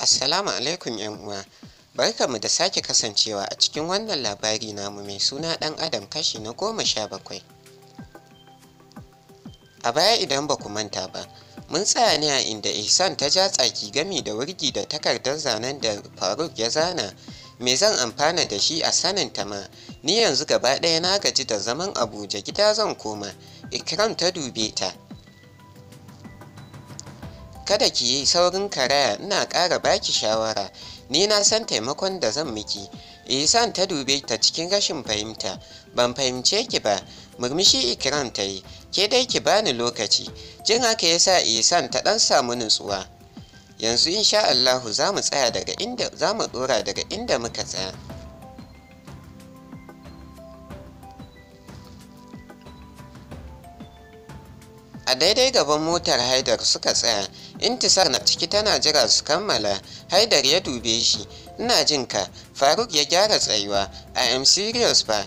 Assalamu alaikum yan uwa. Barkanmu da sake kasancewa a cikin wannan labari namu mai suna ɗan adam kashi na goma sha bakwai. A baya idan ba ku manta ba, mun tsaya ne a inda Ihsan ta ja tsaki gami da wurgi da takardar zanen da Faruk ya zana. Me zan amfana da shi a sanin ta ma, ni yanzu gaba ɗaya na gaji da zaman Abuja gida zan koma. Ikram ta dube ta, kada ki yi saurin karaya ina ƙara baki shawara ni na san taimakon da zan miki isan ta dube ta cikin rashin fahimta ban fahimce ki ba murmushi ikiran ta yi ke dai ki bani lokaci jin haka ya sa isan ta ɗan samu nutsuwa yanzu insha Allahu za mu tsaya daga inda za mu ɗora daga inda muka tsaya a daidai gaban motar haidar suka tsaya intisar na ciki tana jira su kammala haidar ya dube shi ina jin ka faruk ya gyara tsayuwa i am serious ba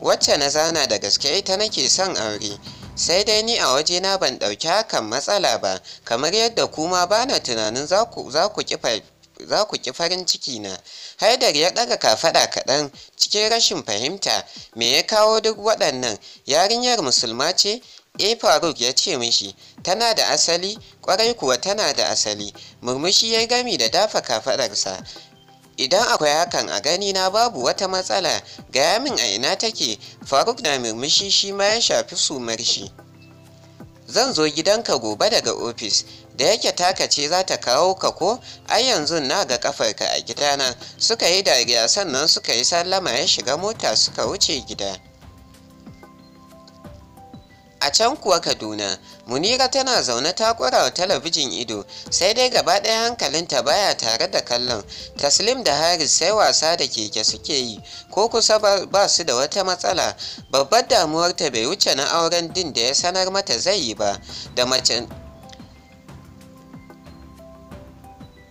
wacce na zana da gaske ita nake son aure sai dai ni a waje na ban ɗauki hakan matsala ba kamar yadda kuma bana tunanin za ku ki farin ciki na haidar ya daga kafaɗa kaɗan cikin rashin fahimta me ya kawo duk waɗannan yarinyar musulma ce Eh faruk ya ce mishi tana da asali ƙwarai kuwa tana da asali murmushi ya gami da dafa kafadarsa idan akwai hakan a gani na babu wata matsala gaya min a ina take faruk na murmushi shi ma ya shafi sumar shi zan zo gidanka gobe daga ofis da yake taka ce za ta kawo ka ko ai yanzu na ga kafarka a gidana suka yi dariya sannan suka yi sallama ya shiga mota suka wuce gida A can kuwa Kaduna, Munira tana zaune ta kura wa talabijin ido, sai dai gaba ɗaya hankalinta baya tare da kallon. Taslim da Haris sai wasa da keke suke yi, ko kusa ba su da wata matsala. Babbar damuwar ta bai wuce na auren din da ya sanar mata zai yi ba, da macen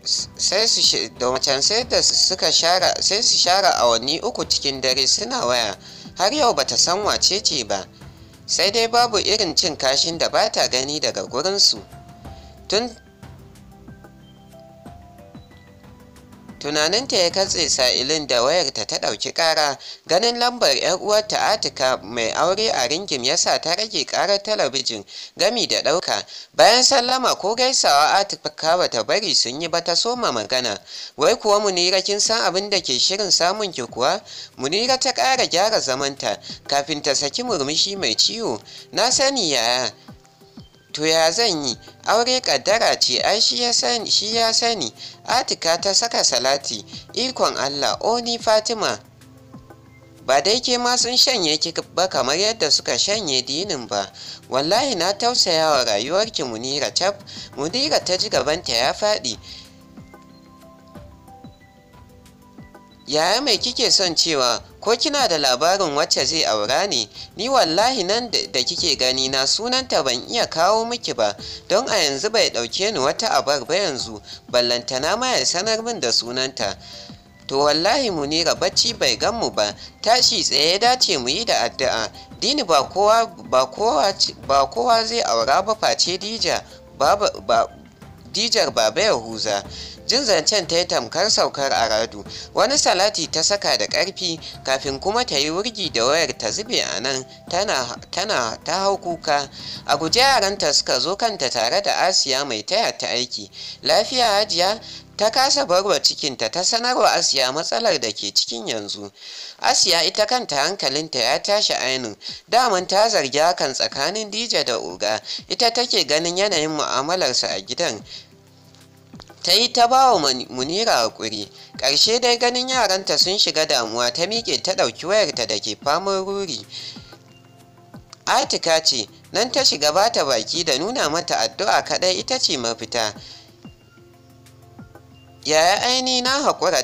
su da share sai su share awanni uku cikin dare suna waya har yau bata san wace ce ba sai dai babu irin cin kashin da ba ta gani daga gurinsu tun tunaninta ya katse sa'ilin da wayarta ta ɗauki ƙara ganin lambar 'yar uwarta atika mai aure a ringim ya sa ta rage ƙarar talabijin gami da ɗauka bayan sallama ko gaisawa atika ba ta bari sun yi ba ta soma magana wai kuwa munira kin san abin da ke shirin samun ki kuwa munira ta ƙara gyara zamanta kafin ta saki murmushi mai ciwo na sani yaya to ya zan yi aure kaddara ce ai shi ya sani atika ta saka salati ikon allah oni fatima ba dai ke ma sun shanye ki ba kamar yadda suka shanye dinin ba wallahi na tausaya wa rayuwarki munira cap munira ta ji gabanta ya faɗi yaya mai kike son cewa ko kina da labarin wacce zai aura ne ni wallahi nan da kike gani na sunanta ban iya kawo miki ba don a yanzu bai ɗauke ni wata abar ba yanzu ballantana ma ya sanar min da sunanta to wallahi munira bacci bai gan mu ba tashi tsaye ya dace mu yi da addu'a dini ba kowa ba kowa ba kowa zai aura ba face dija baba ba dijar baba yahuza huza jin zancen ta yi tamkar saukar aradu wani salati ta saka da ƙarfi kafin kuma ta yi wurgi da wayar ta zube a nan tana ta hau kuka a guje yaranta suka zo kanta tare da asiya mai taya ta aiki lafiya hajiya ta kasa barwa cikinta ta sanarwa asiya matsalar da ke cikin yanzu asiya ita kanta hankalinta ya tashi ainihin daman ta zargi hakan tsakanin dija da oga ita take ganin yanayin mu'amalarsa a gidan ta yi ta ba wa munira hakuri ƙarshe dai ganin yaranta sun shiga damuwa ta miƙe ta ɗauki wayarta da ke famar ruri atika ce nan ta shiga bata baki da nuna mata addu'a kaɗai ita ce mafita yaya aini na haƙura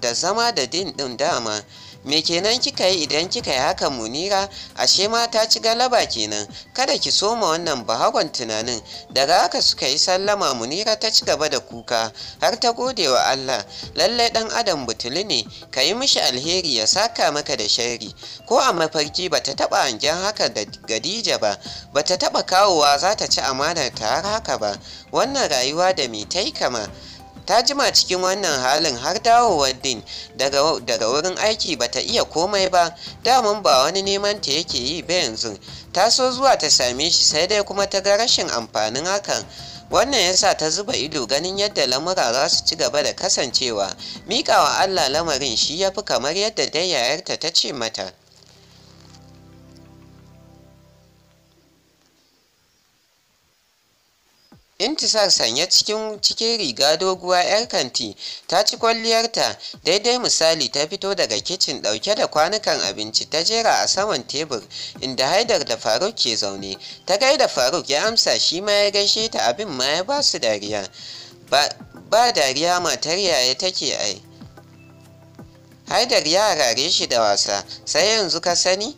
da zama da din ɗin dama me kenan kika yi idan kika yi haka munira ashe ma ta ci galaba kenan kada ki soma wannan bahagon tunanin daga haka suka yi sallama munira ta ci gaba da kuka har ta gode wa allah lallai dan adam butuli ne ka yi mishi alheri ya saka maka da shari ko a mafarki ba ta taɓa hangen haka da gadija ba ba ta taɓa kawowa za ta ci amanar ta har haka ba wannan rayuwa da me ta yi kama ta jima cikin wannan halin har dawowar din daga wurin aiki ba ta iya komai ba damun ba wani neman ta yake yi ba yanzu ta so zuwa ta same shi sai dai kuma ta ga rashin amfanin hakan wannan ya sa ta zuba ido ganin yadda lamura za su ci gaba da kasancewa miƙawa allah lamarin shi ya fi kamar yadda dai yayarta ta ce mata intisar sanye cikin cikin riga doguwa 'yar kanti ta ci kwalliyarta daidai misali ta fito daga kicin ɗauke da kwanukan abinci ta jera a saman tebur inda haidar da faruk ke zaune ta gaida faruk ya amsa shi ma ya gaishe ta abin ma ya ba su dariya ba dariya matar yaya take ai haidar ya rare shi da wasa sai yanzu ka sani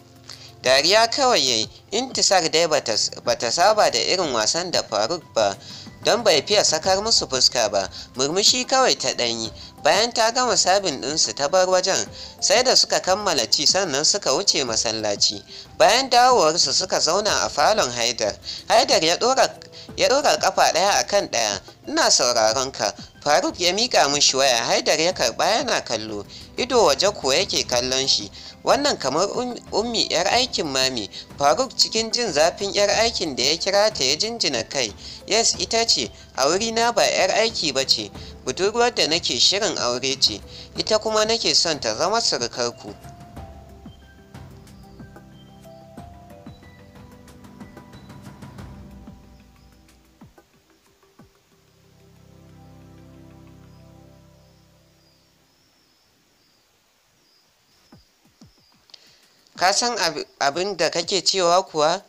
dariya kawai yayi intisar dai ba ta saba da irin wasan da faruk ba don bai fiya sakar musu fuska ba murmushi kawai ta ɗanyi bayan ta gama sabin ɗinsu ta bar wajen sai da suka kammala ci sannan suka wuce masallaci bayan dawowarsu suka zauna a falon haidar haidar ya ɗora kafa ɗaya a kan ɗaya ina sauraron ka faruk ya miƙa mishi waya haidar ya karɓa yana kallo ido waje ko yake kallon shi wannan kamar um, ummi yar aikin mami faruk cikin jin zafin yar aikin da ya kira ta ya jinjina kai yes ita ce a wurina ba yar aiki ba ce budurwar da nake shirin aure ce ita kuma nake son ta zama surukarku ka san abin da kake cewa kuwa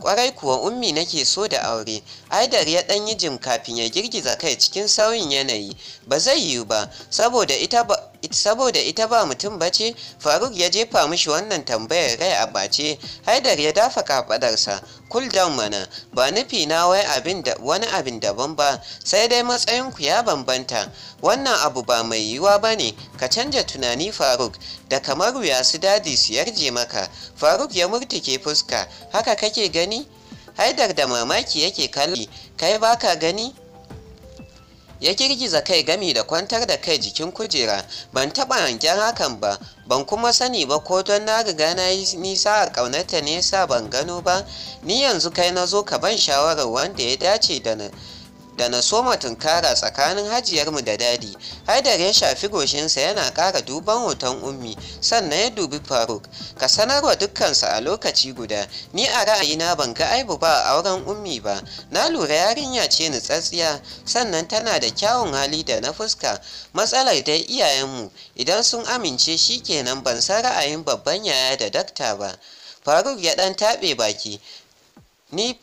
kwarai kuwa ummi nake so da aure aidar ya ɗan yi jim kafin ya girgiza kai cikin sauyin yanayi ba zai yiwu ba saboda ita ba mutum ba ce. bace faruk ya jefa mishi wannan tambayar rai a bace haidar ya dafa kafadarsa cool down mana ba nufi na wai abin wani abin daban ba sai dai matsayinku ya bambanta wannan abu ba mai yiwuwa ba ne ka canja tunani faruk da kamar wuya su dadi su yarje maka faruk ya murtuke fuska haka kake gani haidar da mamaki yake kalli kai baka gani ya girgiza kai gami da kwantar da kai jikin kujera ban taɓa hangen hakan ba ban kuma sani ba ko don na riga gana nisa a ƙaunata nesa ban gano ba ni yanzu kai na zo ka ban shawarar wanda ya dace da da na soma tunkara tsakanin hajiyarmu da dadi haidar ya shafi goshinsa yana ƙara duban hoton ummi sannan ya dubi faruk ka sanarwa dukkansa a lokaci guda ni a ra'ayina ban ga aibu ba a auren ummi ba na lura yarinya ce ni tsatsiya. sannan tana da kyawun hali da na fuska matsalar dai iyayenmu idan sun amince shi kenan ban san ra'ayin babban yaya da dakta ba faruk ya ɗan taɓe baki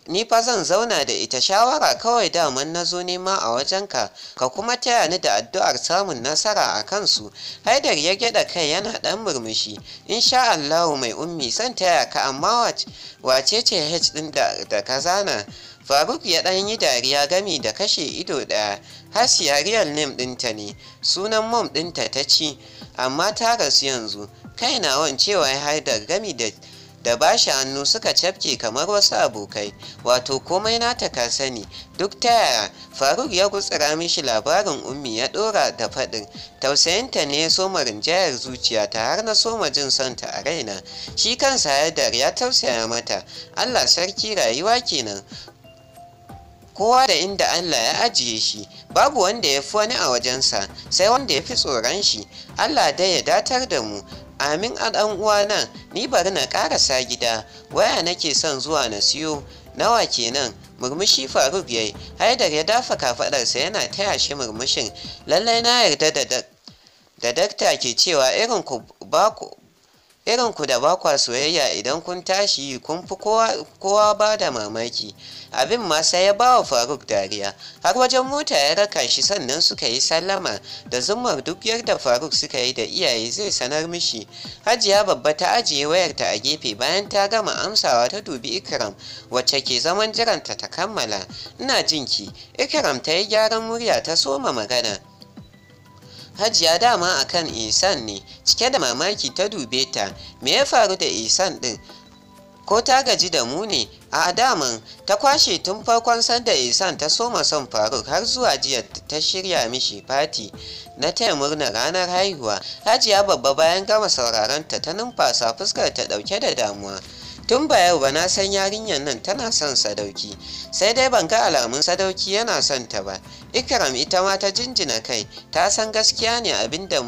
ni fa zan zauna da ita shawara kawai daman na zo nema a wajenka ka kuma taya ni da addu'ar samun nasara a kansu haidar ya gyada kai yana dan murmushi In sha Allahu mai ummi san taya ka amma wace ce h din da ka zana faruk ya dan yi dariya gami da kashe ido daya hasiya real name dinta ne sunan mom dinta ta ci amma ta rasu yanzu kai na wancewa cewa haidar gami da da ba shi hannu suka cafke kamar wasu abokai wato komai nata ka sani duk ta yaya faruk ya gutsira mishi labarin ummi ya dora da faɗin tausayinta ne ya soma rinjayar zuciya ta har na soma jin santa a raina shi kansa haidar ya tausaya mata allah sarki rayuwa kenan kowa da inda Allah ya ajiye shi babu wanda ya fi wani a wajensa sai wanda ya fi tsoron shi Allah dai ya datar da mu amin a ɗan uwana ni bari na ƙarasa gida waya nake son zuwa na siyo nawa kenan murmushi faruk yayi haidar ya dafa kafaɗarsa yana taya shi murmushin lallai na yarda da da dakta ke cewa irin ku ba ku irin ku da bakwa soyayya idan kun tashi kun fi kowa ba da mamaki abin ma sai ya bawa faruk dariya har wajen mota ya raka shi sannan suka yi sallama da zumar duk yadda faruk suka yi da iyaye zai sanar mishi hajiya babba ta ajiye wayarta a gefe bayan ta gama amsawa ta dubi ikram wacce ke zaman jiranta ta kammala ina jinki ikram ta yi gyaran murya ta soma magana Hajiya dama akan Isan ne, cike da mamaki ta dube ta, me ya faru da Isan ɗin? Ko ta gaji da mu ne, a daman ta kwashe tun farkon sanda Isan ta soma son Faruk har zuwa jiya ta shirya mishi fati na taya murna ranar haihuwa. Hajiya babba bayan gama sauraron ta ta numfasa fuskar ta ɗauke da damuwa. tun ba yau ba na san yarinyar nan tana son sadauki sai dai ban ga alamun sadauki yana son ta ba ikram ita ma ta jinjina kai ta san gaskiya ne abin da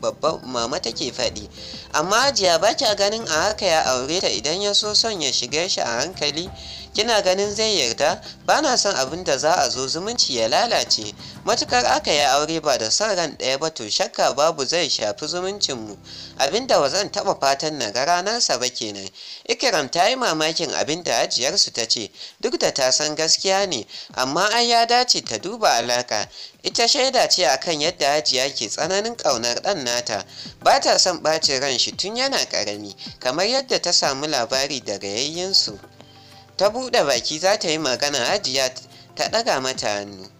babban mama take faɗi amma jiya ba kya ganin a haka ya aure ta idan ya so son ya shiga shi a hankali kina ganin zai yarda ba na son abin da za a zo zumunci ya lalace matukar aka yi aure ba da son ran ɗaya ba to shakka babu zai shafi zumuncinmu abin da zan taɓa fatan na ga ranarsa ba kenan ikiram ta yi mamakin abin da ajiyarsu ta ce duk da ta san gaskiya ne amma an ya dace ta duba alaka ita shaida ce akan yadda hajiya ke tsananin ƙaunar ɗan nata ba ta son ɓacin ran shi tun yana ƙarami kamar yadda ta samu labari daga yayyinsu ta buɗe baki za ta yi magana hajiya ta ɗaga mata hannu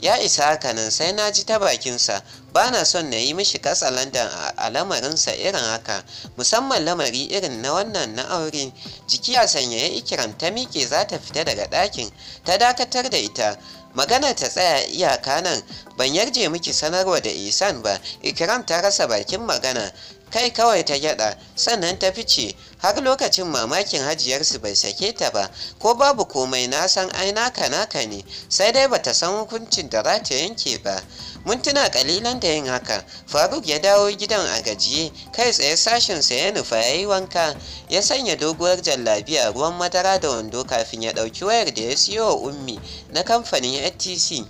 ya isa haka nan sai na ji ta bakinsa ba na son na yi mishi katsalandan a lamarinsa irin haka musamman lamari irin na wannan na aure jiki a sanyaya ikiram ta miƙe za ta fita daga ɗakin ta dakatar da ita magana ta tsaya iyaka nan ban yarje miki sanarwa da isan ba ikiram ta rasa bakin magana kai kawai ta gyada sannan ta fice har lokacin mamakin hajiyarsu bai sake ta ba ko babu komai na san ai naka naka ne sai dai bata san hukuncin da za ta yanke ba mintuna kalilan da yin haka faruk ya dawo gidan a gajiye kai tsaye sashinsa ya nufa ya yi wanka ya sanya doguwar jallabiya ruwan madara da wando kafin ya ɗauki wayar da ya siyo wa ummi na kamfanin ftc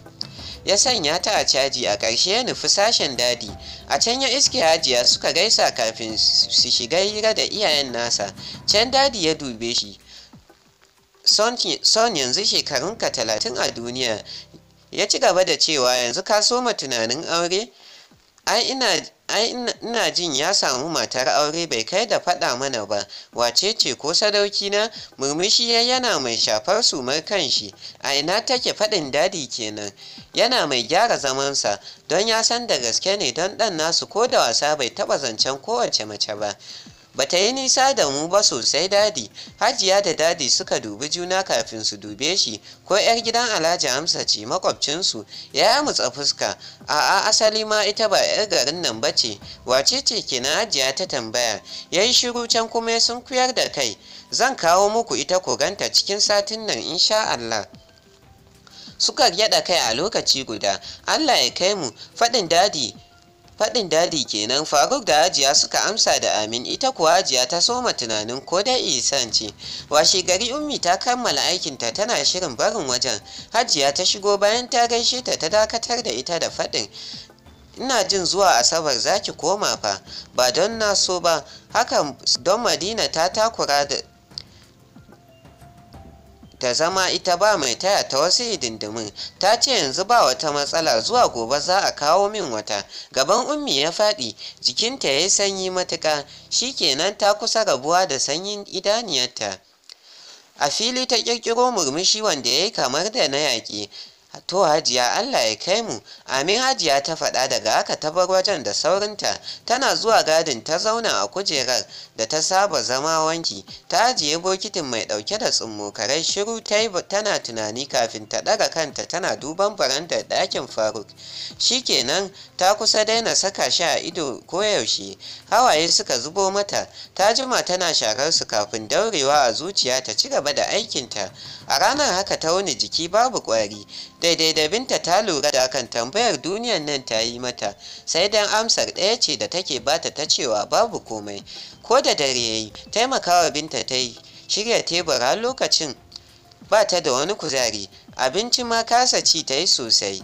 ya sanya ta a caji a ƙarshe ya nufi sashen dadi a can ya iske hajiya suka gaisa kafin su shiga hira da iyayen nasa can dadi ya dube shi son yanzu shekarunka talatin a duniya ya ci gaba da cewa yanzu ka soma tunanin aure ai ina ai ina jin ya samu matar aure bai kai da faɗa mana ba wace ce ko sadauki na murmushi ya yana mai shafar sumar kanshi a ina take faɗin dadi kenan yana mai gyara zamansa don ya san da gaske ne don ɗan nasu ko da wasa bai taɓa zancen kowace mace ba Bata yi nisa da mu ba sosai dadi, Hajiya da dadi suka dubi juna kafin su dube shi, ko 'yar gidan Alhaji Amsa ce makwabcinsu ya mutsa fuska, a'a asali ma ita ba 'yar garin nan ba ce, wace ce kenan Hajiya ta tambaya, ya yi shiru can kuma sun kuyar da kai, zan kawo muku ita ku ganta cikin satin nan insha Allah. Suka yada kai a lokaci guda, Allah ya kai mu, faɗin dadi faɗin dadi kenan faruk da hajiya suka amsa da amin ita kuwa hajiya ta soma tunanin ko da isan ce washe gari ummi ta kammala aikinta tana shirin barin wajen hajiya ta shigo bayan ta gaishe ta ta dakatar da ita da faɗin ina jin zuwa asabar zaki koma fa ba don na so ba hakan don madina ta takura da ta zama ita ba mai taya ta wasu hidindimin ta ce yanzu ba wata matsala zuwa gobe za a kawo min wata gaban ummi ya faɗi jikinta ya yi sanyi matuƙa kenan ta kusa rabuwa da sanyin idaniyarta a fili ta ƙirƙiro murmushi wanda ya yi kamar da na yaƙi to hajiya Allah ya kai mu amin hajiya ta faɗa daga haka ta bar wajen da saurinta tana zuwa gadin ta zauna a kujerar da ta saba zama wanki ta ajiye bokitin mai ɗauke da tsummokarai shiru ta yi tana tunani kafin ta ɗaga kanta tana duban barandar ɗakin faruk Shi kenan ta kusa daina saka shi a ido koyaushe hawaye suka zubo mata ta jima tana shakar su kafin daurewa a zuciya ta ci gaba da aikinta a ranar haka ta wani jiki babu ƙwari daidai da binta ta lura da akan tambayar duniyar nan ta yi mata sai dan amsar ɗaya ce da take bata ta cewa babu komai ko da dare ya yi, taimakawa binta ta yi shirya tebur har lokacin ba ta da wani kuzari abinci ma kasa ci ta yi sosai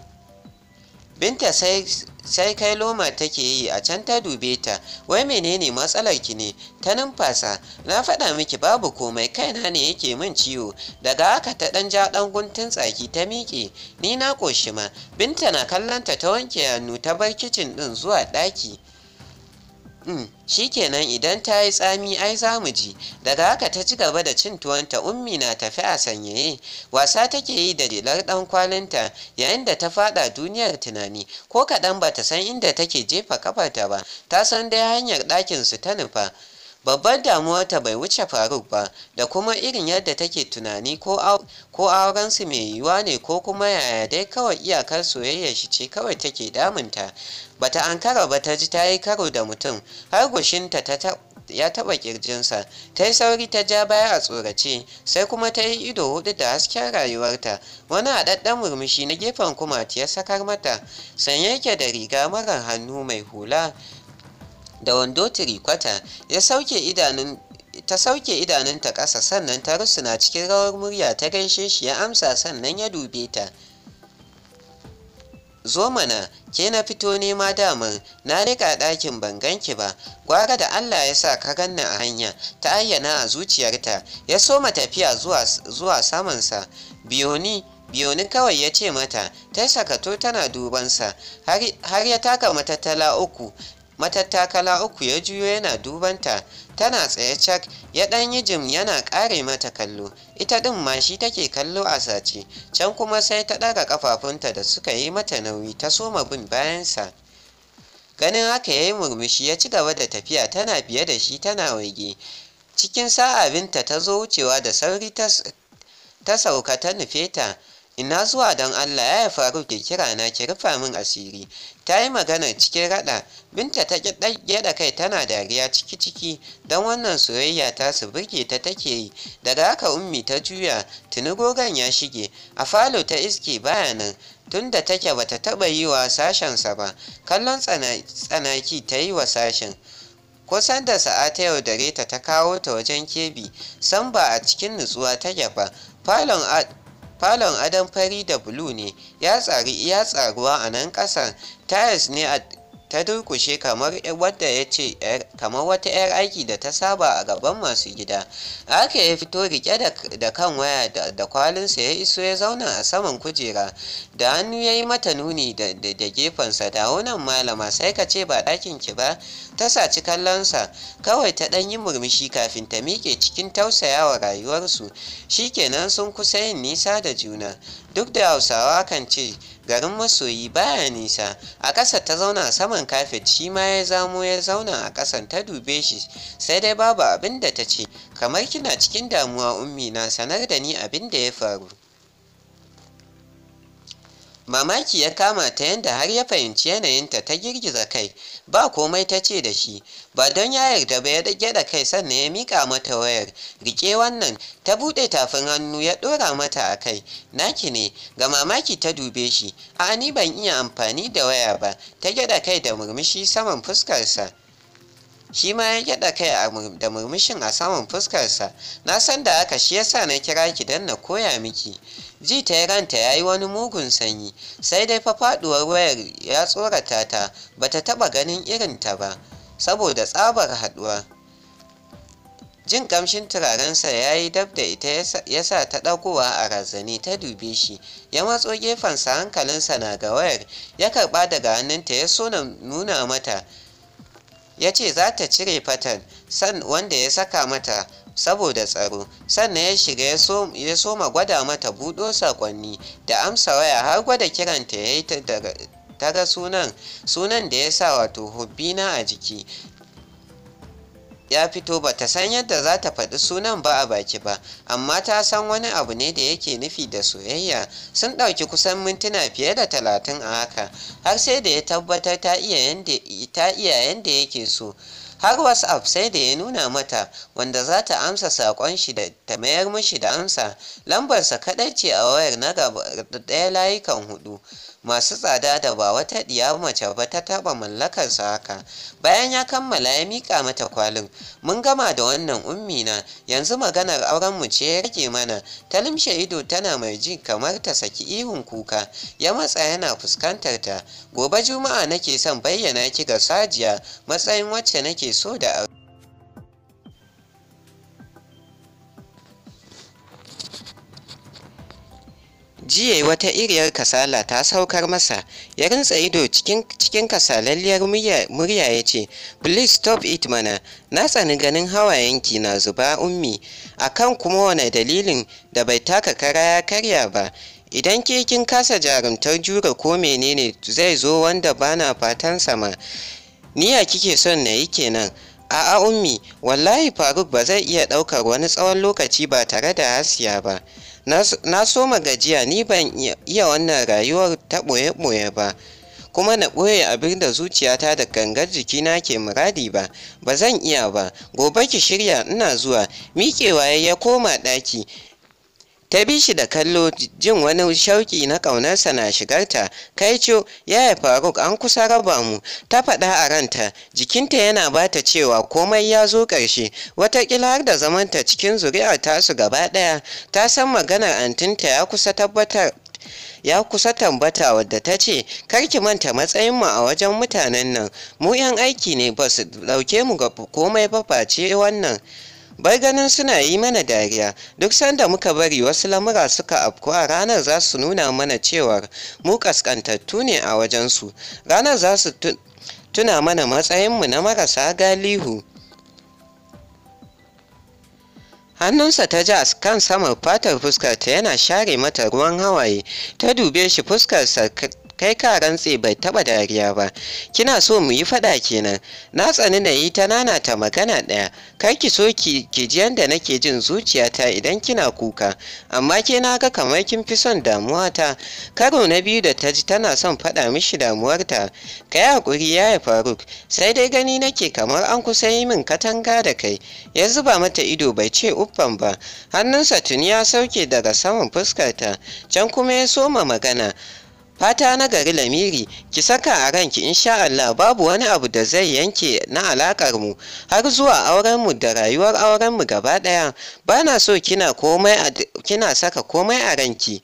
binta sai kai loma take yi a can ta dube ta wai menene matsalar ki ne ta numfasa na faɗa miki babu komai kaina ne yake min ciwo daga haka ta ɗan ja ɗan guntun tsaki ta miƙe ni na ƙoshi ma binta na kallonta ta wanke hannu ta bar kicin ɗin zuwa ɗaki Shi kenan idan ta yi tsami ai zamu ji daga haka ta ci gaba da cin tuwonta ummi na tafi a sanyaye wasa take yi da rilar dan kwalinta yayin da ta fada duniyar tunani ko kadan ba ta san inda take jefa kafarta ba ta san dai hanyar ɗakin su ta nufa babbar damuwarta bai wuce faruk ba da kuma irin yadda take tunani ko aurensu mai yiwuwa ne ko kuma yaya dai kawai iyakar soyayya shi ce kawai take damunta bata ankara ba ta ji ta yi karo da mutum har gushinta ta ya taɓa ƙirjinsa ta yi sauri ta ja baya a tsorace sai kuma ta yi ido hudu da hasken rayuwarta wani haɗaɗɗen murmushi na gefen kumati ya sakar mata sanye yake da riga mara hannu mai hula da wando tirikwata ya sauke idanun ta sauke idanunta ƙasa sannan ta rusuna cikin rawar murya ta ganshe shi ya amsa sannan ya dube ta zo mana ke na fito nema damar na riƙa ɗakin ban ganki ba gwara da allah ya sa ka ganna a hanya ta ayyana a zuciyarta ya soma tafiya zuwa samansa biyoni biyoni kawai ya ce mata ta sakato tana dubansa har ya taka matattala uku matattakala uku ya juyo yana dubanta tana tsaye cak ya dan yi jim yana ƙare mata kallo ita ɗin ma shi take kallo a sace can kuma sai ta ɗaga ƙafafunta da suka yi mata nauyi ta soma bin bayansa ganin haka ya yi murmushi ya ci gaba da tafiya tana biye da shi tana waige cikin sa'a binta ta zo wucewa da sauri ta sauka ta nufe ina zuwa don allah ya faru ki kira na ki rufa min asiri ta yi magana cikin raɗa binta ta da kai tana dariya ciki-ciki don wannan soyayya ta su burge ta take yi daga haka ummi ta juya tuni gogon ya shige a falo ta iske baya nan tunda take bata taɓa yi wa sashensa ba kallon tsanaki ta yi wa sashen kusan da sa'a ta yaudare ta ta kawo ta wajen kebi san ba a cikin nutsuwa ta ba falon falon adon fari da bulu ne ya tsari iya tsaruwa a nan kasar tiles ne a ta durkushe kamar wadda ya ce kamar wata 'yar aiki da ta saba a gaban masu gida aka ya fito rike da kan waya da kwalinsa ya iso ya zauna a saman kujera da hannu ya yi mata nuni da gefensa da wunan malama sai ka ce ba ɗakin ki ba ta saci kallonsa kawai ta ɗan yi murmushi kafin ta miƙe cikin tausayawa rayuwarsu shi kenan sun kusa yin nisa da juna duk da hausawa kan ce garin masoyi baya nisa a ƙasa ta zauna saman kafet shi ma ya zamo ya zauna a ƙasan ta dube shi sai dai babu abin da ta ce kamar kina cikin damuwa ummi na sanar da ni abin da ya faru mamaki ya kama ta yadda har ya fahimci yanayinta ta girgiza kai ba komai ta ce da shi ba don ya yarda ba ya dage da kai sannan ya mika mata wayar rike wannan ta buɗe tafin hannu ya ɗora mata a kai naki ne ga mamaki ta dube shi a ni ban iya amfani da waya ba ta gyada kai da murmushi saman fuskarsa shi ma ya gyada kai da murmushin a saman fuskarsa na san da aka shi yasa na kira ki don na koya miki ji ta ranta ya yi wani mugun sanyi sai dai fa faduwar wayar ya tsorata ta ba ta taba ganin irin ta ba saboda tsabar haduwa jin kamshin turarensa ya yi dab da ita ya sa ta dagowa a razani ta dube shi ya matso gefensa hankalinsa na ga wayar ya karba daga hannunta ya so na nuna mata ya ce za ta cire fatan san wanda ya saka mata saboda tsaro sannan ya shiga ya soma gwada mata buɗo sakonni da amsa waya har gwada kiranta ya yi ta ga sunan sunan da ya sa wato hubbina a jiki ya fito ba ta san yadda za ta faɗi sunan ba a baki ba amma ta san wani abu ne da yake nufi da soyayya sun ɗauki kusan mintuna fiye da talatin a haka har sai da ya tabbatar ta iya yadda yake so har abu sai da ya nuna mata wanda za ta amsa saƙon shi da ta mayar mishi da amsa lambarsa kaɗai ce a wayar na gaba da ɗaya layukan hudu masu tsada da ba wata ɗiya mace ba ta taɓa mallakarsa haka bayan ya kammala ya mika mata kwalin mun gama da wannan ummina. yanzu maganar auren mu ce ya rage mana ta limshe ido tana mai ji kamar ta saki ihun kuka ya matsa yana fuskantar ta gobe juma'a nake son bayyana ki ga sajiya matsayin wacce nake so da aure jiya wata iriyar kasala ta saukar masa ya rinsa ido cikin kasalalliyar murya ya ce please stop it mana na tsani ganin hawayenki na zuba ummi akan kuma wane dalilin da bai taka kara ya karya ba idan ke kin kasa jarumtar jure ko menene zai zo wanda bana fatan sama niya kike son na yi kenan a'a ummi wallahi faruk ba zai iya ɗaukar wani tsawon lokaci ba tare da hasiya ba na so gajiya ni ban iya wannan rayuwar ta ɓoye-ɓoye ba kuma na ɓoye abin da zuciyata da gangar jikina ke muradi ba ba zan iya ba gobe ki shirya ina zuwa miƙewa ya koma ɗaki ta bi shi da kallo jin wani shauki na ƙaunarsa na shigarta kai ciyo yaya faruk an kusa raba mu ta faɗa a ranta jikinta yana ba ta cewa komai ya zo ƙarshe watakila har da zamanta cikin ta su gaba ɗaya ta san maganar antinta ya kusa tabbatar ya kusa tambata wadda ta ce karki manta matsayin mu a wajen mutanen nan mu 'yan aiki ne ba su ɗauke mu ga komai ba face wannan bai ganin suna yi mana dariya duk sanda muka bari wasu lamura suka afkuwa, ranar za su nuna mana cewar mu kaskantattu ne a wajensu ranar za su tuna mana matsayinmu na marasa galihu hannunsa ta ja kan samar fatar fuskarta yana share mata ruwan hawaye ta dube shi fuskarsa kai ka rantse bai taba dariya ba kina so mu yi faɗa kenan na tsani na yi ta nana ta magana ɗaya kar ki so ki ji yanda nake jin zuciyata idan kina kuka amma ke na ga kamar kin fi son damuwata karo na biyu da ta ji tana son faɗa mishi damuwarta ta kai hakuri ya yi faruk sai dai gani nake kamar an kusa yi min katanga da kai ya zuba mata ido bai ce uffan ba hannunsa tuni ya sauke daga saman fuskarta can kuma ya soma magana Fata na gari Lamiri, ki saka a ranki insha Allah babu wani abu da zai yanke na alakar mu har zuwa auren mu da rayuwar auren mu gaba ɗaya. Bana so kina komai kina saka komai a ranki.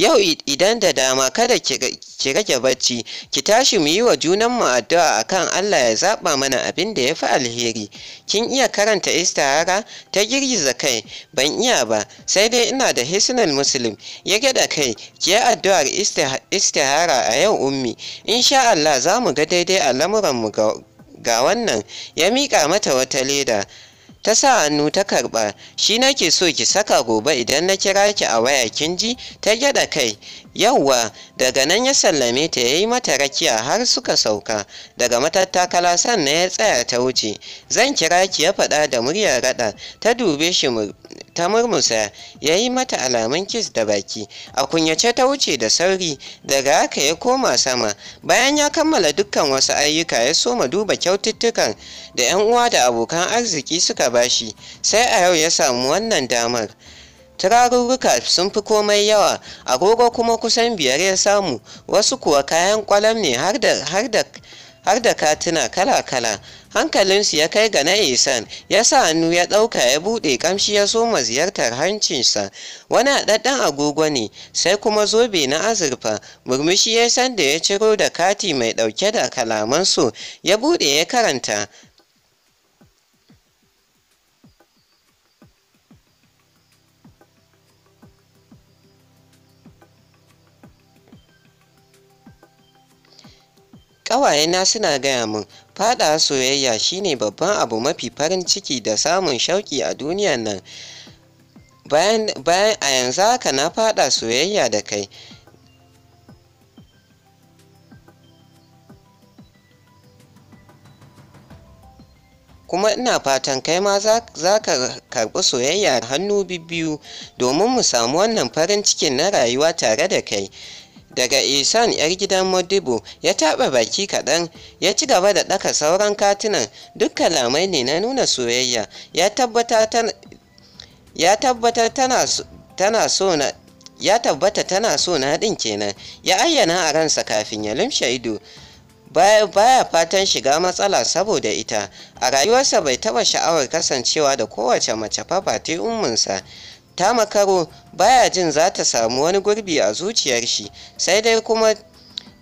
yau idan da dama kada ki rage bacci ki tashi mu yi wa junan mu addu'a akan Allah ya zaɓa mana abin da ya fi alheri kin iya karanta istihara ta girgiza kai ban iya ba sai dai ina da hisnul muslim ya gada kai ki yi addu'ar istihara a yau ummi insha Allah za mu ga daidai a mu ga wannan ya miƙa mata wata leda ta sa hannu ta karɓa shi nake so ki saka gobe idan na kira ki a waya kin ji ta gyaɗa kai yauwa daga nan ya sallame ta ya yi mata rakiya har suka sauka daga matattakala sannan ya tsaya ta wuce zan kira ki ya faɗa da muryar raɗa ta dube shi ta murmusa ya yi mata alamun kis da baki a kunyace ta wuce da sauri daga haka ya koma sama bayan ya kammala dukkan wasu ayyuka ya soma duba kyaututtukan da 'yan uwa da abokan arziki suka bashi sai a yau ya samu wannan damar turarurruka sun fi komai yawa agogo kuma kusan biyar ya samu wasu kuwa kayan kwalam ne har da katina kala-kala hankalinsu ya kai ga na isan ya sa hannu ya ɗauka ya buɗe ƙamshi ya soma ziyartar hancinsa wani haɗaɗɗen agogo ne sai kuma zobe na azurfa murmushi ya san da ya ciro da kati mai ɗauke da kalamansu ya buɗe ya karanta na suna gaya min faɗa soyayya shine babban abu mafi farin ciki da samun shauƙi a duniya nan bayan a yanzu haka na faɗa soyayya da kai kuma ina fatan kai ma za ka karɓi soyayya hannu biyu domin mu samu wannan farin cikin na rayuwa tare da kai daga isan yar gidan modibo ya taɓa baki kaɗan ya ci gaba da ɗaka sauran katunan duk kalamai ne na nuna soyayya ya tabbatar tana so na ya tabbata tana so na haɗin kenan ya ayyana a ransa kafin ya lumshe ido baya fatan shiga matsala saboda ita a rayuwarsa bai taɓa sha'awar kasancewa da kowace mace fa ba ta umminsa ta makaro baya jin za ta samu wani gurbi a zuciyar shi sai dai kuma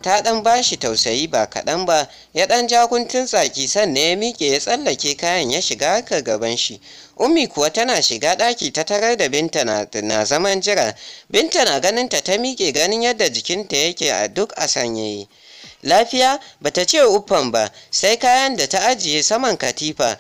ta ɗan bashi tausayi ba kaɗan ba ya ɗan ja tsaki sannan ya miƙe ya tsallake kayan ya shiga harkar gaban shi ummi kuwa tana shiga ɗaki ta tarar da binta na, zaman jira binta na ganin ta ta miƙe ganin yadda jikinta yake a duk a sanyaye lafiya bata ce uffan ba sai kayan da ta ajiye saman katifa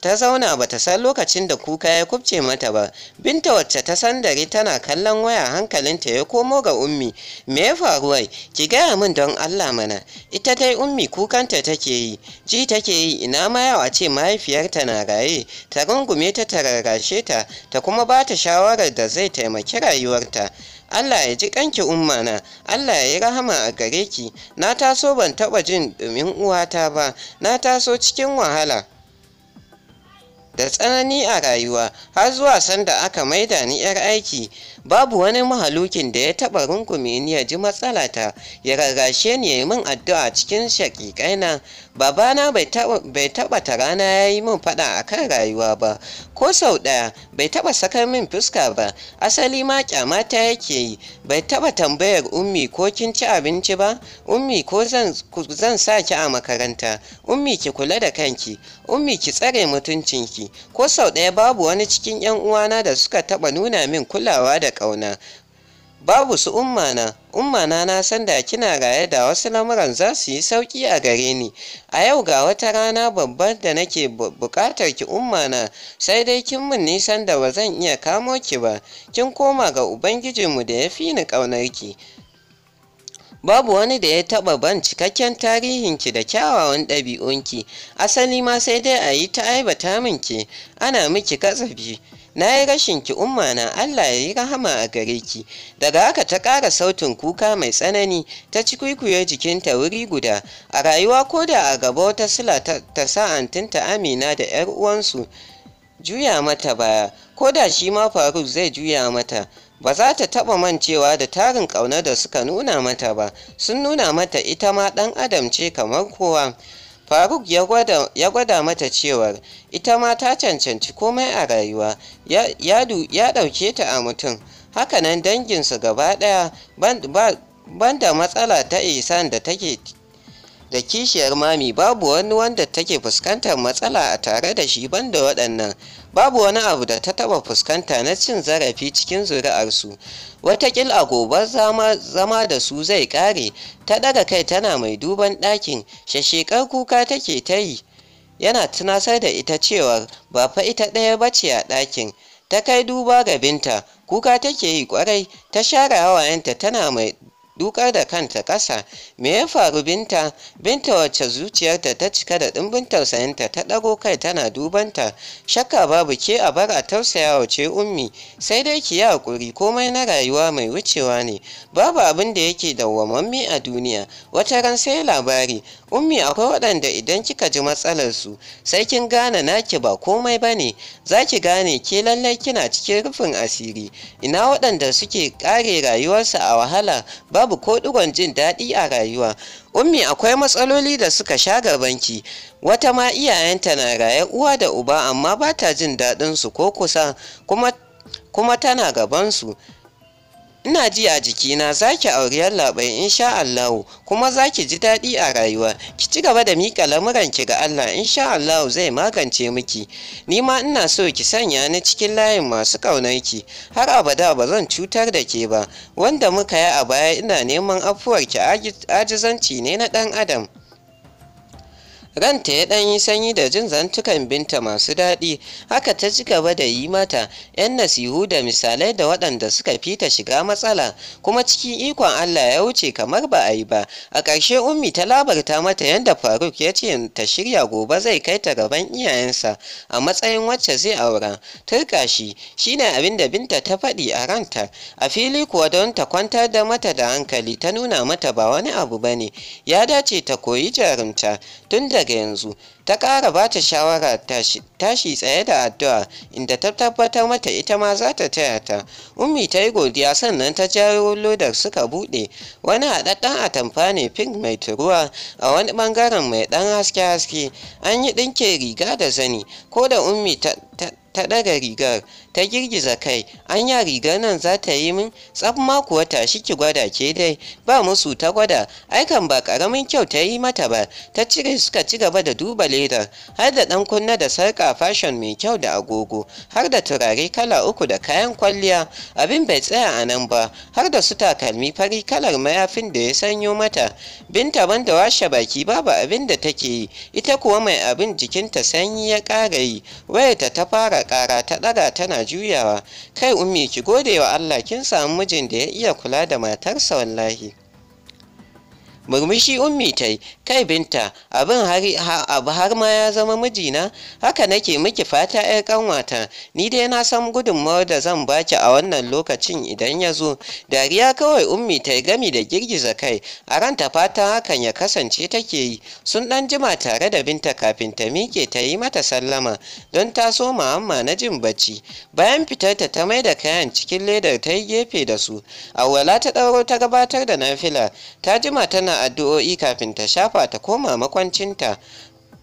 ta zauna ba ta san lokacin da kuka ya kubce mata ba binta wacce ta san dare tana kallon waya hankalinta ya komo ga ummi me ya faru wai ki gaya min don allah mana ita dai ummi kukanta take yi ji take yi ina ma yawa ce mahaifiyarta na raye ta rungume ta ta rarrashe ta ta kuma ba ta shawarar da zai taimaki rayuwarta Allah ya ji kanki ummana, Allah ya yi rahama a gare ki, na taso ban taɓa jin ɗumin uwata ba, na taso cikin wahala. da tsanani a rayuwa har zuwa sanda aka maida ni 'yar aiki babu wani mahalukin da ya taba rungume ni ya ji ta ya rarrashe ni ya yi min addu'a cikin shaƙiƙaina babana bai taba ta rana ya yi min faɗa a kan rayuwa ba ko sau ɗaya bai taba sakar min fuska ba asali ma kyamata yake yi bai taba tambayar ummi ko kin ci abinci ba ummi ko zan sa ki a makaranta ummi ki kula da kanki ummi ki tsare mutuncinki ko sau ɗaya babu wani cikin 'yan uwana da suka taɓa nuna min kulawa da ƙauna babu su ummana ummana na san da kina raye da wasu lamuran za su yi sauƙi a gare ni a yau ga wata rana babba da nake buƙatar ki ummana sai dai kin mun nisan da ba zan iya kamo ki ba kin koma ga ubangijinmu da ya fi ni ƙaunar ki babu wani da ya taɓa ban cikakken tarihin ki da kyawawan ɗabi'unki asali ma sai dai a yi ta aibata ki", ana miki katsabi na yi rashin ki umma na Allah ya yi rahama a gare ki daga haka ta ƙara sautin kuka mai tsanani ta ci kwikwiyo jikinta wuri guda a rayuwa ko da a gaba wata sila ta sa antinta amina da 'yar uwansu juya mata baya ko da shi ma faruk zai juya mata ba za ta taɓa mancewa da tarin ƙauna da suka nuna mata ba sun nuna mata ita ma ɗan adam ce kamar kowa faruk ya gwada mata cewar ita ma ta cancanci komai a rayuwa ya ɗauke ta a mutum hakanan danginsu gaba ɗaya banda matsala ta isan da take da kishiyar mami babu wani wanda take fuskantar matsala a tare da shi banda waɗannan babu wani abu da ta taba fuskanta na cin zarafi cikin zuri'arsu a gobe zama da su zai kare ta daga kai tana mai duban ɗakin shashekar kuka take ta yi yana tunasar da ita cewar ba fa ita ɗaya ba ce a ɗakin ta kai duba ga binta kuka take yi kwarai ta share hawayenta tana mai dukar da kanta ƙasa me ya faru binta binta wacce zuciyarta ta cika da ɗimbin tausayinta ta ɗago kai tana dubanta shakka babu ke a bar a tausaya wace ummi sai dai ki yi hakuri, komai na rayuwa mai wucewa ne babu abin da yake dawwamammi a duniya wata ran sai labari ummi akwai waɗanda idan kika ji matsalarsu sai kin gane naki ba komai ba ne za ki gane ke lallai kina cikin rufin asiri ina waɗanda suke ƙare rayuwarsa a wahala babu ko ɗigon jin daɗi a rayuwa ummi akwai matsaloli da suka sha gabanki wata ma iyayenta na raye uwa da uba amma ba ta jin daɗinsu ko kusa kuma tana gabansu ina ji a jikina za ki auri yallaɓai insha Allahu kuma za ki ji daɗi a rayuwa ki ci gaba da miƙa ki ga Allah insha Allah zai magance miki ni ma ina so ki sanya ni cikin layin masu ƙaunarki har abada ba zan cutar da ke ba wanda muka yi a baya ina neman afuwarki ajizanci ne na ɗan adam ranta ya ɗan yi sanyi da jin zantukan binta masu daɗi haka ta ci gaba da yi mata yan nasihu da misalai da waɗanda suka fi ta shiga matsala kuma cikin ikon allah ya wuce kamar ba a yi ba a ƙarshe ummi ta labarta mata yadda faruk ya ce ta shirya gobe zai kai ta gaban iyayensa a matsayin wacce zai aura turka shi shine abin da binta ta faɗi a ranta a fili kuwa don ta kwantar da mata da hankali ta nuna mata ba wani abu ba ne ya dace ta koyi jarumta tun da daga yanzu ta kara ba ta shawara tashi tsaye da addu'a inda ta tabbatar mata ita ma za ta taya ta ummi ta yi godiya sannan ta jawo lodar suka buɗe wani haɗaɗɗen atamfa ne pink mai turuwa a wani bangaren mai ɗan haske-haske an yi ɗinke riga da zani ko da ummi ta ta ɗaga rigar ta girgiza kai anya rigar nan za ta yi min tsab ma kuwa tashi ki gwada ke dai ba musu ta gwada aikan ba ƙaramin kyau ta yi mata ba ta cire suka ci gaba da duba ledar har da ɗan kunna da sarƙa fashon mai kyau da agogo har da turare kala uku da kayan kwalliya abin bai tsaya a nan ba har da su takalmi fari kalar mayafin da ya sanyo mata binta banda washe baki babu abin da take yi ita kuwa mai abin jikinta sanyi ya ƙara yi wayarta ta fara ƙara ta ɗaga tana juyawa kai ummi ki gode wa allah kin samu mijin da ya iya kula da matarsa wallahi murmushi ummi ta yi kai binta abin abu har ma ya zama mijina haka nake miki fata 'yar kanwata ni dai na san gudunmawar da zan baki a wannan lokacin idan ya zo dariya kawai ummi ta yi gami da girgiza kai a ranta fata hakan ya kasance take yi sun dan jima tare da binta kafin ta miƙe ta yi mata sallama don ta so ma'amma na jin bacci bayan fitar ta mai da kayan cikin ledar ta yi gefe da su awwala ta ɗauro ta gabatar da nafila ta jima tana addu'o'i kafin ta shafa kafa ta koma makwancinta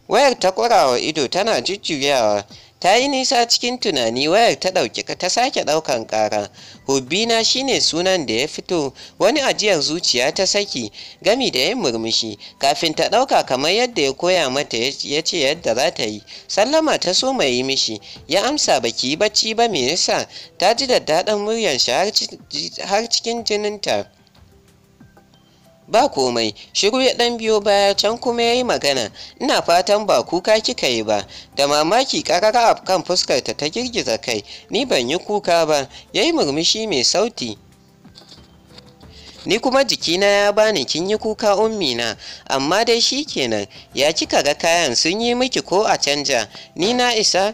wayar ta kurawa ido tana jujjuyawa ta yi nisa cikin tunani wayar ta dauki ta sake ɗaukan ƙara hobbina shine sunan da ya fito wani ajiyar zuciya ta saki gami da yin murmushi kafin ta ɗauka kamar yadda ya koya mata ya ce yadda za ta yi sallama ta so mai yi mishi ya amsa baki yi bacci ba me yasa ta ji da daɗin muryar shi har cikin jininta ba komai shiru ya ɗan biyo baya can kuma ya yi magana ina fatan ba kuka kika yi ba da mamaki karara a kan fuskarta ta girgiza kai ni ban yi kuka ba ya yi murmushi mai sauti ni kuma jikina ya bani kin yi kuka ummina amma dai shi kenan ya kika ga kayan sun yi miki ko a canja ni na isa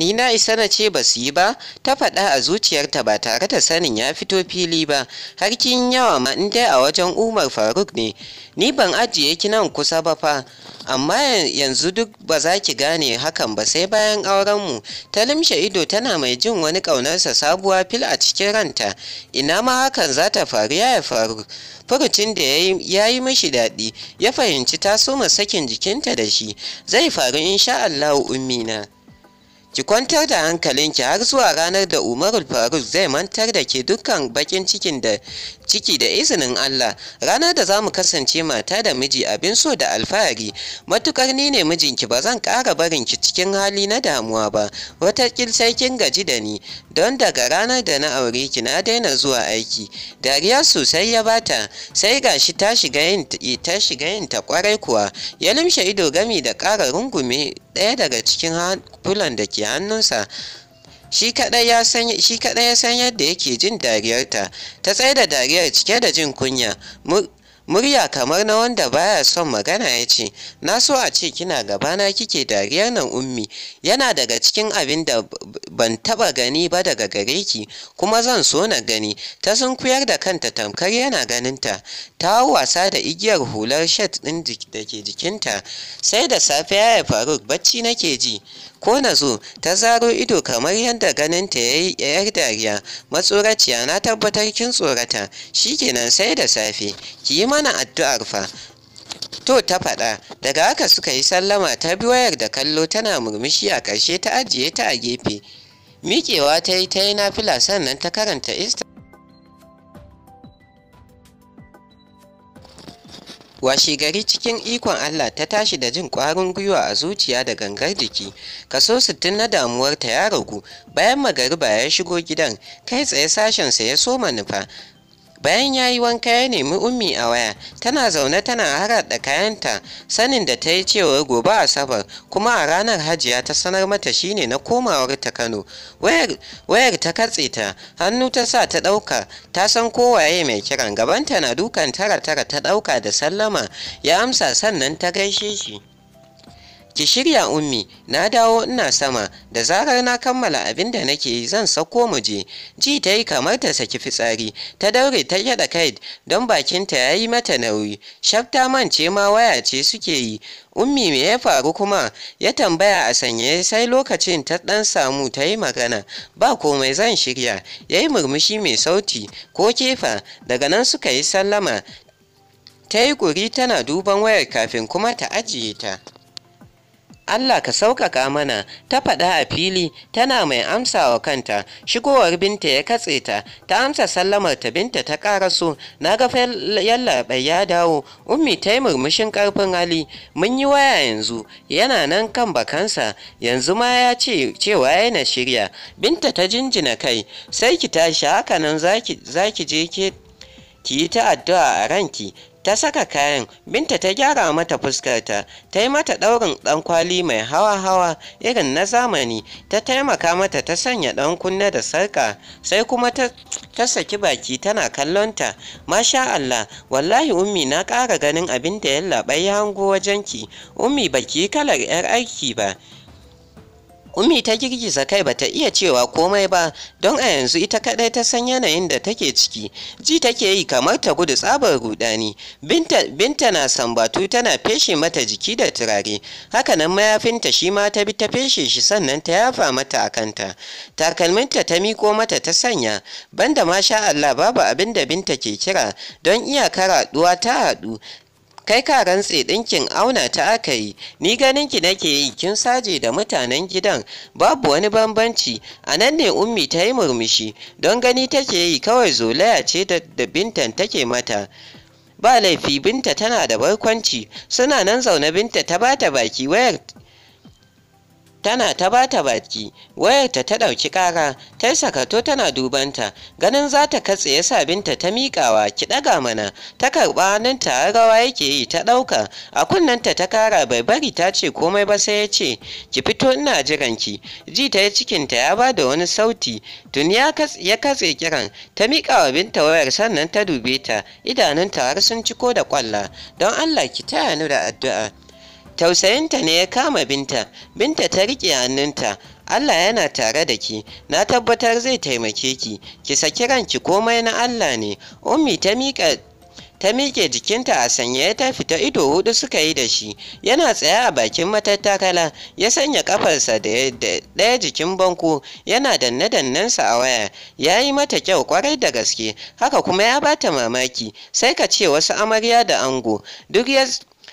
ni na isa na ce ba su yi ba ta faɗa a zuciyarta ba tare da sanin ya fito fili ba har kin yawa ma in dai a wajen umar faruk ne ni ban ajiye ki nan kusa ba fa amma yanzu duk ba za ki gane hakan ba sai bayan auren mu. ta limshe ido tana mai jin wani ƙaunarsa sabuwa fil a cikin ranta ina ma hakan za ta faru ya faru furucin da ya yi mishi daɗi ya fahimci ta soma sakin jikinta da shi zai faru in sha Allahu ummina. Ki kwantar da hankalinki har zuwa ranar da Umarul Faruk zai mantar da ke dukkan bakin cikin da ciki da izinin Allah ranar da za mu kasance mata da miji abin so da alfahari matukar ni ne mijinki ba zan ƙara barin ki cikin hali na damuwa ba wata sai kin gaji da ni don daga ranar da na aure ki na daina zuwa aiki dariya sosai ya bata sai gashi ta shiga yin ta eh, shiga yin ta kwarai kuwa ya limshe ido gami da ƙara rungume ɗaya daga cikin fulan da ke hannunsa shi kaɗai ya san yadda yake jin dariyarta ta tsaye da dariyar cike da jin kunya murya kamar na wanda baya son magana ya ce na so a ce kina gabana kike dariyar nan ummi yana daga cikin abin da ban taba gani ba daga gare ki kuma zan so na gani ta sunkuyar da kanta tamkar yana ganinta ta wasa da igiyar hular shet ɗin da ke jikinta sai da safe ya faruk bacci nake ji ko na zo ta zaro ido kamar yadda ganin ta yayi yayar dariya matsoraciya na tabbatar kin tsorata Shi kenan sai da safe ki yi mana addu'ar fa to ta faɗa daga haka suka yi sallama ta bi wayar da kallo tana murmushi a ƙarshe ta ajiye ta a gefe miƙewa ta yi ta yi nafila sannan ta karanta ista washe gari cikin ikon Allah ta tashi da jin ƙwarin gwiwa a zuciya da gangar jiki, kaso 60 na damuwar ta ya ragu bayan magariba ya shigo gidan kai tsaye sashensa ya soma nufa bayan ya yi wanka ya nemi ummi a waya tana zaune tana harar da kayanta sanin da ta yi cewa gobe asabar kuma a ranar hajiya ta sanar mata shine na komawar ta kano wayar ta katse ta hannu ta sa ta ɗauka ta san kowaye mai kiran gabanta na dukan tara tara ta ɗauka da sallama ya amsa sannan ta gaishe shi ki shirya ummi na dawo ina sama da zarar na kammala abin da nake yi zan sako mu je ji ta yi kamar ta saki fitsari ta daure ta yada kai don bakinta ya yi mata nauyi shafta mance ma waya ce suke yi ummi me ya faru kuma ya tambaya a sanye sai lokacin ta dan samu ta yi magana ba komai zan shirya ya yi murmushi mai sauti ko kefa daga nan suka yi sallama ta yi ƙuri tana duban wayar kafin kuma ta ajiye ta Allah ka sauƙaƙa mana ta faɗa a fili tana mai amsa wa kanta shigowar binta ya katse ta ta amsa sallamar ta binta ta ƙaraso na ga yallaɓai ya dawo ummi ta yi murmushin ƙarfin hali mun yi waya yanzu yana nan kan bakansa yanzu ma ya ce cewa yana shirya binta ta jinjina kai sai ki tashi haka nan za ki je ki yi ta addu'a a ranki ta saka kayan binta ta gyara mata fuskarta ta yi mata ɗaurin ɗankwali mai hawa-hawa irin na zamani ta taimaka mata ta sanya ɗan kunne da sarƙa sai kuma ta, saki baki tana kallonta masha Allah wallahi ummi na ƙara ganin abin da ya labai ya hango wajenki ummi baki kalar 'yar aiki ba Ummi ta girgiza kai bata iya cewa komai ba don a yanzu ita kadai ta san yanayin da take ciki. Ji take yi kamar ta gudu tsabar rudani. Binta, na sambatu tana feshe mata jiki da turare. Hakanan mayafinta shi ma ta bi ta feshe shi sannan ta yafa mata a kanta. Takalminta ta miko mata ta sanya. Banda masha Allah babu abin da binta ke kira don iya haɗuwa ta haɗu. kai ka rantse ɗinkin auna ta aka yi ni ganin ki nake yi kin saje da mutanen gidan babu wani bambanci a nan ne ummi ta yi murmushi don gani take yi kawai zolaya ce da bintan take mata ba laifi binta tana da barkwanci suna nan zaune binta ta bata baki wayar tana ta ba ta baki wayarta ta ɗauki ƙara ta yi sakato tana dubanta ganin za ta katse ya sa binta ta miƙawa ki ɗaga mana ta karɓa ta rawa yake yi ta ɗauka a kunnenta ta kara bai bari ta ce komai ba sai ya ce ki fito ina jiran ki ji ta yi cikinta ya ba da wani sauti tun ya katse kiran ta miƙawa binta wayar sannan ta dube ta idanunta har sun ciko da ƙwalla don allah ki taya ni da addu'a tausayinta ne ya kama binta binta ta riƙe hannunta Allah yana tare da ki na tabbatar zai taimake ki ki saki ranki komai na Allah ne ummi ta miƙa ta miƙe jikinta a sanye ta fita ido hudu suka yi da shi yana tsaye a bakin matattakala ya sanya kafarsa da ɗaya jikin banko yana danne dannensa a waya ya yi mata kyau kwarai da gaske haka kuma ya bata mamaki sai ka ce wasu amarya da ango duk ya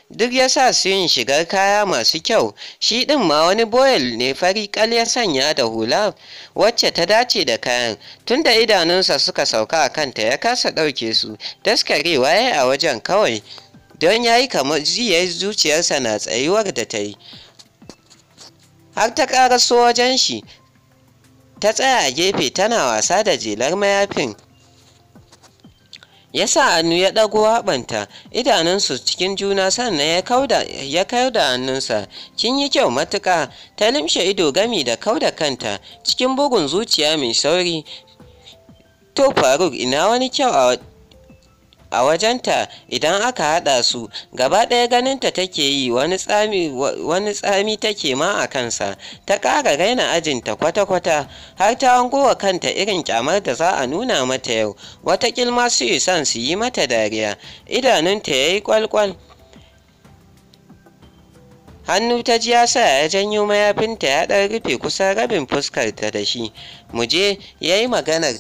duk ya sa su yin shigar kaya masu kyau shi ɗin ma wani boyel ne fari kal ya sanya da hula wacce ta dace da kayan tunda idanunsa suka sauka a kanta ya kasa ɗauke su daskarewa ya yi a wajen kawai don ya yi kamar yi zuciyarsa na tsayuwar da ta yi har ta ƙaraso wajen shi ta tsaya a gefe tana wasa da jelar mayafin ya sa hannu ya ɗago haɓanta idanunsu cikin juna sannan ya kau da hannunsa kin yi kyau matuƙa ta limshe ido gami da kau da kanta cikin bugun zuciya mai sauri to faruk ina wani kyau a a wajenta idan aka haɗa su gaba ɗaya ganinta take yi wani tsami take ma a kansa ta ƙara raina ajinta kwata-kwata har ta wa kanta irin kyamar da za a nuna mata yau watakil ma su isan su yi mata dariya idanunta ya yi kwalkwal hannu ta ji ya sa ya janyo mayafinta ya ɗan rufe kusan rabin fuskarta da shi mu je ya yi maganar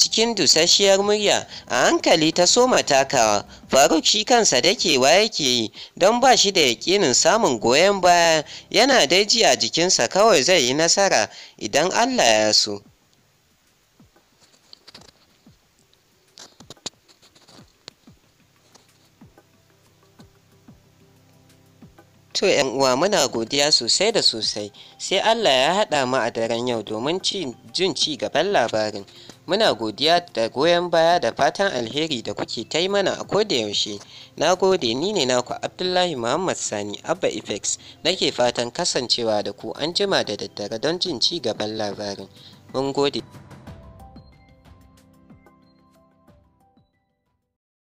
cikin dusasshiyar murya a hankali ta soma takawa faruk shi kansa dakewa yake yi don ba shi da yakinin samun goyon baya yana dai ji a jikinsa kawai zai yi nasara idan allah ya so To 'yan uwa muna godiya sosai da sosai, sai Allah ya haɗa mu a daren yau domin jin ci gaban labarin. Muna godiya da goyon baya da fatan alheri da kuke ta yi mana a koda yaushe. Na gode ni ne naku Abdullahi Muhammad Sani Abba Ifex nake fatan kasancewa da ku an jima da daddare don jin ci gaban labarin. Mun gode.